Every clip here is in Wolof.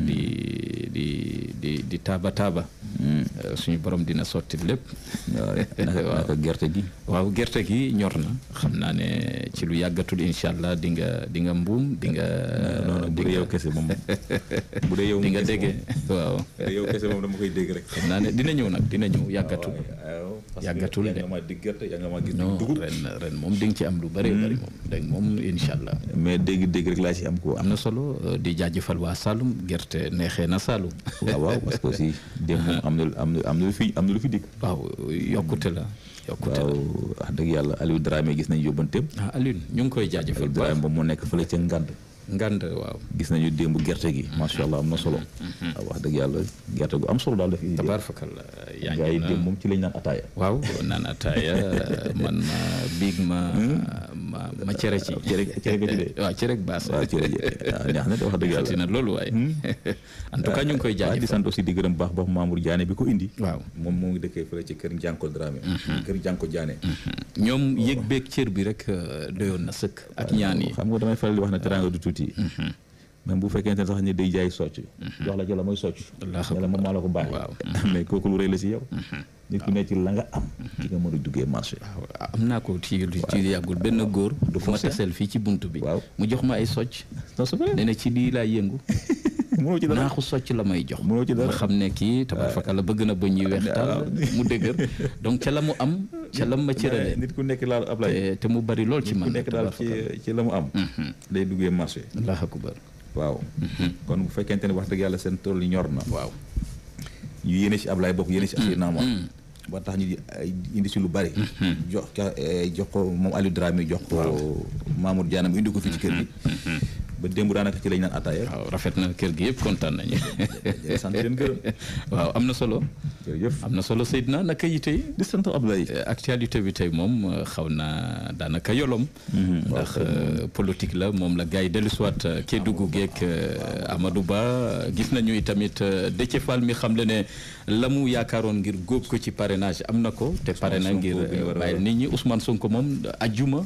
di di di di taaba taaba Euh, suñu borom dina sotti lépp. waaw gerte gi. waaw gerte gi ñor na xam naa ne ci lu yàggatul incha allah di nga di nga mbuum di nga. yow kese moom bu dee yow di nga déggee yow kese moom dama koy dégg rek. naa ne dina ñëw nag dina ñëw yàggatul. Ah, yàggatul de yaa gerte yaa nga ma gis ren moom di nga ci am lu bari hmm. bari moom dégg moom incha allah. mais dégg dégg rek laa si am ko am na solo euh, di jaajëfal waa Saloum gerte neexee na Saloum. waaw waaw parce que aussi am na am na am na lu fi am na lu fi dikk. waaw yokkute la. yokkute la waaw wax dëgg yàlla Aliou Dramé gis nañu yóbbanteem. ah Aliou ñu ngi koy jaajëfal bu baax Dramé moom moo nekk fële ca Ngand. Ngand waaw. gis nañu démb gerte gi. Ah, macha allah am na solo. Ah, ah, waaw wax dëgg yàlla gerte gu am solo daal daf indi. tabaarkalla yaa ngi yi démb moom ci lañ naan ataaya. waaw naan ataaya man biig ma. Hmm? ma cere ci. cere cere waaw cere baas. waaw cere waaw neex na de wax dëgg yàlla. xati na loolu waaye. Hmm? en ñu ngi koy jaajëfal di sant aussi di gërëm baax baax Mamour Diané bi ko indi. waaw moom moo ngi dëkkee fële ci kër Ndianko Dramé. Hmm. kër Ndianko Diané. Hmm. ñoom yëg beeg cër bi rek euh, doyoon na sëkk. ak ñaan yi xam nga damay faral di wax ne teraanga du tuuti. même bu fekkente ne sax ni day jaay socc. wax la ci la mooy socc. yàlla moom maa la ko baax. mais kooku lu rëy la si yow. nit ku nekk la nga am. ki nga mën a duggee marché. Ah, am naa ko ci ci yàggul benn góor. du ma taseel fii ci bunt bi. waaw mu jox ma ay socc. nee na ci lii laa yëngu. mënoo ci dara naaxu socc la may jox. mënoo ci dara ma xam ne kii tabarfakala bëgg na ba ñuy weextaal mu dëgër donc ca la mu am. ca la ma cëralee nit ku nekk laal te mu bari lool ci man. nit ku nekk daal ci la mu am. Mhm. day duggee marché. allahu akbar waaw. Mhm. kon bu fekkente ne wax dëgg yàlla seen tool yi ñor na. waaw. ñu yéene si Ablaye bokk yéene si Seydina Omar ba tax ñu indi si lu bari. Mm-hmm. jox eh, jox ko moom Aliou Dramé jox ko Mamour Dianam indi ko fii ci kër gi mm-hmm. démb daanaka ci lañ naan ataaya. waaw rafet na kër gi yëpp kontaan nañu. sant waaw am na solo. jërëjëf am na solo Seydina naka yi tey. di sant Ablaye. Eh, actualité bi tey moom euh, xaw naa daanaka yolom. Mhm. ndax euh, politique la moom la gars yi dellu si waat euh, Kédougou geek Amadou Ba gis nañu tamit Déthié Fall mi xam le ne lamu mu yaakaaroon ngir góob ko ci parrainage am na ko. te pare na ngir waaye nit ñi son ko moom ajuma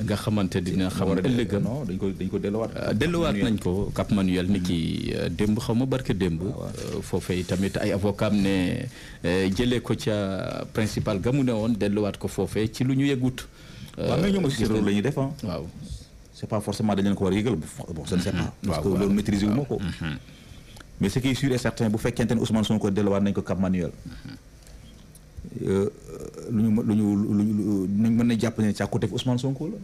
nga xamante dina xamal ëllëgam dañ ko dañ ko delluwaat. Ah, delluwaat nañ ko Cap Manuel ni ki euh, démb xaw ma barke démb. Ah, euh, foofee tamit ay avocat am ne euh, jëlee ko ca principal ga mu ne woon delluwaat ko foofee ci lu ñu yëgut. waaw mais ñoom aussi loolu la ñuy def waaw. c' est pas forcément dañ leen ko war a yëgal bon je ne sais pas. parce que loolu maîtriser ko. Mm-hmm. mais ce qui est certain bu fekkente ne Ousmane Sonko delluwaat nañ ko Cap Manuel. Mm-hmm. Euh, lu ñu lu ñu lu ñu mën na jàpp ne càkkuteef Ousmane Sonko la.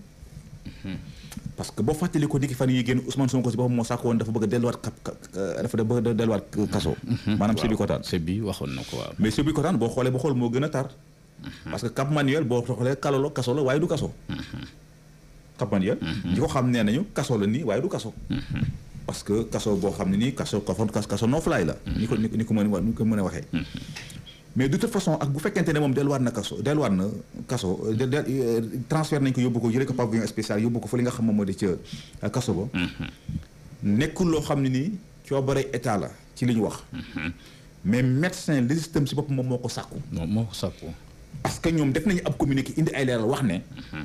parce que boo fàttali ko niki fan yi génn Ousmane Sonko si boppam moo sàkk woon dafa bëgg a delluwaat euh, a delluwaat kaso. maanaam Sébikotane ko waaw. boo xoolee boo xool moo gën a tar. parce que Cap Manuel boo xoolee kalo kaso la waaye du kaso. Cap Manuel. ñi ko xam nee nañu kaso la nii waaye du kaso. parce que kaso boo xam ne nii kaso kaso kaso noflaay la. ni ko ni ko mën a ni ko mën a waxee. mais de toute façon ak bu fekkente ne moom delluwaat na kaso delluwaat na kaso transfert nañ ko yóbbu ko jëlee ko pavillon spécial yóbbu ko fa li nga xam moom moo di ca euh, kaso ba mm-hmm. nekkul loo xam ne nii coobare état la ci li ñu wax mm-hmm. mais médecin légistam si bopp moom moo ko sàkku moom moo ko sàkku parce que ñoom def nañu ab communiqué indi ay leeral wax ne mm-hmm.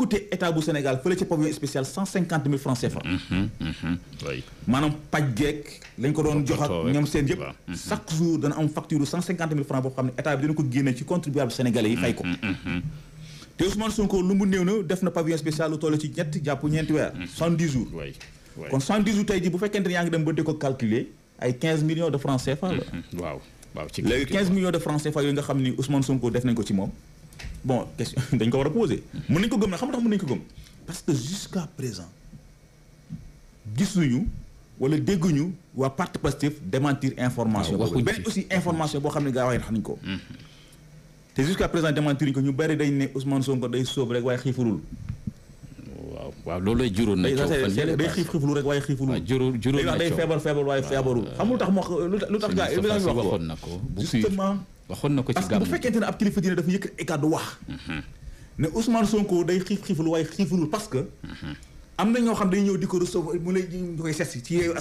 coûté état bu Sénégal fële ci pavillon spécial cent cinquante mille francs CFA. Mhm, mhm, mhm. maanaam paj geeg lañ ko doon jox ak ñoom seen yëpp. chaque jour dana am facture cent cinquante mille francs boo xam ne état bi dina ko génne ci contribuable sénégalais yi fay ko. te Ousmane Sonko lu mu néew na def na pavillon spécial lu toll ci ñett jàpp ñeenti weer. cent dix jours. kon cent dix jours tey jii bu fekkente ne yaa ngi dem ba di ko calculer ay quinze millions de francs CFA la. waaw waaw ci léegi quinze millions de francs CFA yooyu nga xam ni Ousmane Sonko def nañ ko ci moom. bon question dañ ko war a poser mun nañ ko gëm nag xam tax mën nañ ko gëm parce que jusqu'à présent gisuñu wala dégguñu waa parti Pastef démentir information ah, boobu beneen information boo xam ne gaa waaye xam nañ ko hmm. te jusqu'à présent démentir ñu ko ñu bari dañ ne Ousmane Sonko day sóob rek waaye xiifalul waaw waaw loolu lay juróon na day xiif xiiflu rek waaye xiiflu day feebar feebar waaye feebarul xam lu tax moo lu tax gaa lu tax ñu wax ko waxoon na ko ci gàmm parce que bu fekkente ne ab kilifa diine dafa yëkk écart du wax. Mhm. ne Ousmane Sonko day xiif xiiful waaye xiifulul parce que. Mhm. am na ñoo xam day ñëw di ko recevoir mu lay ñu koy seet ci a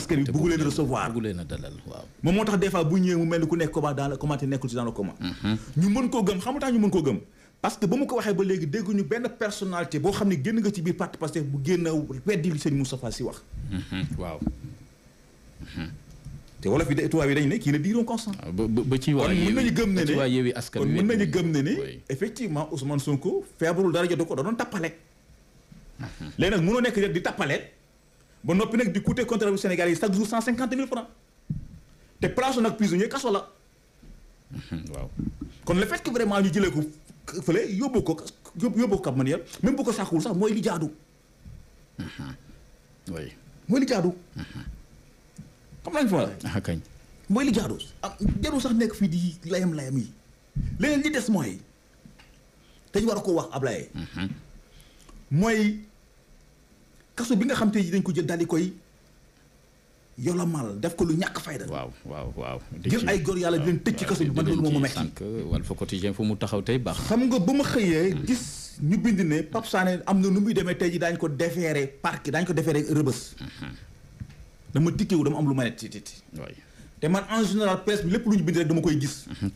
comment mhm. ñu mën koo gëm xamutax ñu mën koo gëm parce que ba mu ko waxee ba léegi dégguñu benn personnalité boo xam ne génn nga ci biir parti Pastef bu génn weddi li sëñ Moustapha wax waaw te wolof yi de tubaab yi dañ ne kii la diiroon constant. Ah, ba ba ci waa yeewi kon mën nañu gëm ne ne kon mën nañu gëm ne ne effectivement Ousmane Sonko feebarul dara jotu ko da doon tappale. léegi nag mënoo nekk rek di tappale ba noppi nag di coûter contrat bu Sénégal yi chaque jour cent cinquante mille francs te place nag prisonnier kaso la. waaw la le fait que vraiment ñu jëlee ko fële yóbbu ko yóbbu ko Cap Manuel même bu ko sàkkuwul sax mooy li jaadu. oui mooy li jaadu. Mhm. comme lañ fa ah mooy li jaadu ah jarul sax nekk fii di layam layam yi leneen li des mooy dañu war a ko wax Ablaye. Mhm. mooy kaso bi nga xam te dañ ko jël daal di koy yolomal def ko lu ñàkk fayda. waaw waaw waaw. jël ay góor yàlla di leen tëj ci kaso bi man loolu moom ma metti. sànq Walf Quotidien fu mu taxaw tey baax. xam nga ba ma xëyee. Mhm. gis ñu bind ne Pape Sané am na nu muy demee tey ji daañu ko defeere parquet daañu ko defeere rëbës. Mhm. dama tikkewu dama am lu ma ne ci ci te man en général presse bi lépp lu ñu bind rek dama koy gis. Mhm,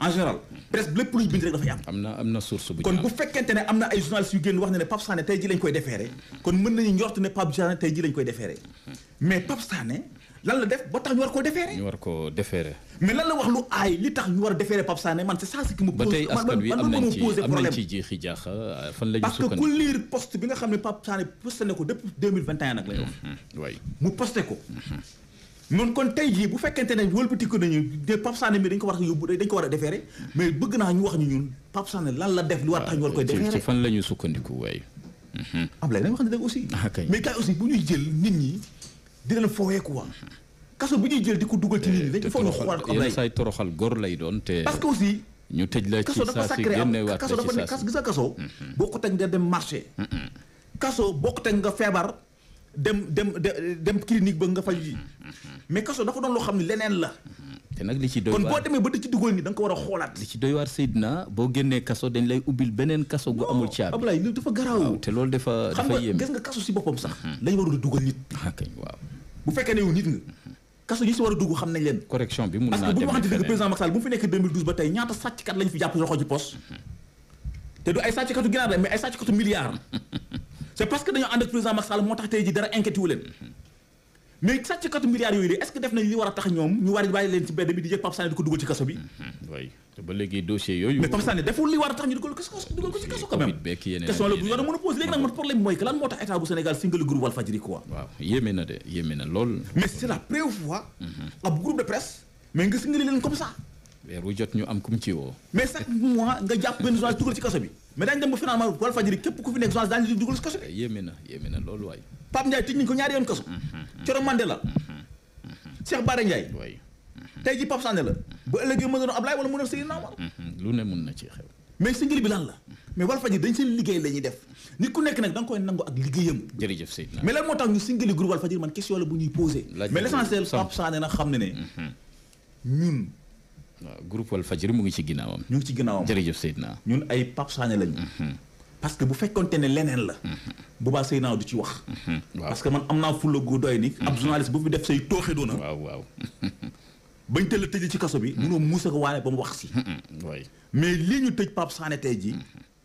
en général presse bi lépp lu ñu bind rek dafay am. am na am na source bu kon bu fekkente ne am na ay journalistes yu génn wax ne ne Pape Sané tey ji lañ koy defeere kon mën nañu njort ne Pape Sané tey ji lañ koy defeere mhm. mais Pape Sané lan la def boo tax ñu war koo déféré. ñu war koo déféré. mais la wax lu aay tax ñu war a déféré Pape Sané man c'est ça ce qui me pose. ba tey askan wi am euh, nga xam ne Pape Sané posté na ko depuis deux mille vingt mm-hmm. ko. Mm-hmm. noonu kon tey jii bu fekkente ne wëlbatiku nañu de Pape Sané mi dañ ko war a yóbbu dañ ko war a déféré mais bëgg naa ñu wax ñu ñun Pape Sané lan la def. li war tax ñu war koy déféré fan la ñu sukkandiku waay. am mm-hmm. lay dañ wax ne dëgg aussi. Ah, mais kay aussi bu ñuy jël nit ñi di leen foowee quoi. kaso bu ñuy jël di ko dugal ci nit ñi dañu foog ñu xool ko yenn saay toroxal lay doon te. parce que aussi. ñu tëj la ci saa si génneewaat kaso dafa ne kas gis boo kaso. Mm-hmm. bokkut nga dem marché. Mm-hmm. kaso boo ko ak nga feebar. dem dem dem clinique ba nga faj ji mm-hmm. mais kaso dafa doon loo xam ne leneen la. te nag li ci doy waar kon boo demee ba di ci dugal ni da ko war a xoolaat. li ci doy waar Seydina boo génnee kaso dañ lay ubbil beneen kaso gu amul caabi. te loolu dafa dafa yéeme. xam nga gis nga kaso si boppam sax. Mm-hmm. a dugal nit. Ah, waaw bu fekkee ne yow nit nga. Mm-hmm. kaso yi si war a dugg xam nañ leen. correction bi mun naa demee parce que bu ñu waxante dëgg président Macky bu mu fi nekk 2012 ba tey ñaata sàcckat lañ fi jàpp roxo ci poste. Mm-hmm. te du ay sàcckatu ginaar mais ay sàcckatu milliards. c'est parce que dañoo ànd ak président Macky moo tax tey ji dara inquiété wu leen mais sàcckatu milliards yooyu de est-ce que def nañ li war a tax ñoom ñu war a bàyyi leen ci mbedd bi di jël Pape Sané di ko dugal ci kaso bi. Mm-hmm. oui ba léegi dossier yooyu. mais Pape Sané deful li war a tax ñu dugal ko dugal ko kaso la mën a posé léegi nag man problème mooy que moo tax état bu Sénégal singali groupe Walfadjri quoi. waaw yéeme na de yéeme na lool. mais c'est la première fois. Mm-hmm. ab groupe de presse mais nga singali leen comme ça. weer wu jot ñu am kum ci woo. mais chaque mois nga jàpp benn journaliste dugal ci kaso bi mais daañu dem ba finalement wala fajiri képp ku fi nekk journaliste daañu di dugal ci kaso bi. Eh, yéeme na yéeme na loolu waay. Pape Ndiaye tëj nañu ko ñaari yoon kaso. Coro mm-hmm, mm-hmm. Mandela. Mm-hmm, Cheikh Bara Ndiaye. waay tey jii Pape Sané la. ba ëllëgee mën na doon Ablaye wala mu doon Seydina Omar. lu ne mun na ci xew. mais si bi lan la mais wal fajiri dañ seen liggéey la ñuy def nit ku nekk nag da nga koy nangu ak moo tax ñu singali groupe bu ñuy posé. mais l'essentiel na xam ne ne waaw groupe Walfadjri mu ngi ci ginnaawam. ñu ngi ci ginnaawam jërëjëf Seydina. ñun ay Pape Sané lañu. Mhm. parce que bu fekkonte ne leneen la. Mhm. boobaa Seydina du ci wax. Mhm. waaw parce que man am naa fulla gu doy ni. ab journaliste bu fi def say tooxe doona. waaw waaw. bañ teel a tëj ci kaso bi. munoo muusa ko waane ba mu wax si. mais lii ñu tëj Pape Sané tey jii.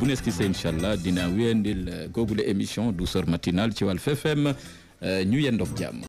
bu nees ki incha allah dinaa wéyandil euh, googule émission douceur matinale ci Walf FM euh, ñu yendoog jàmm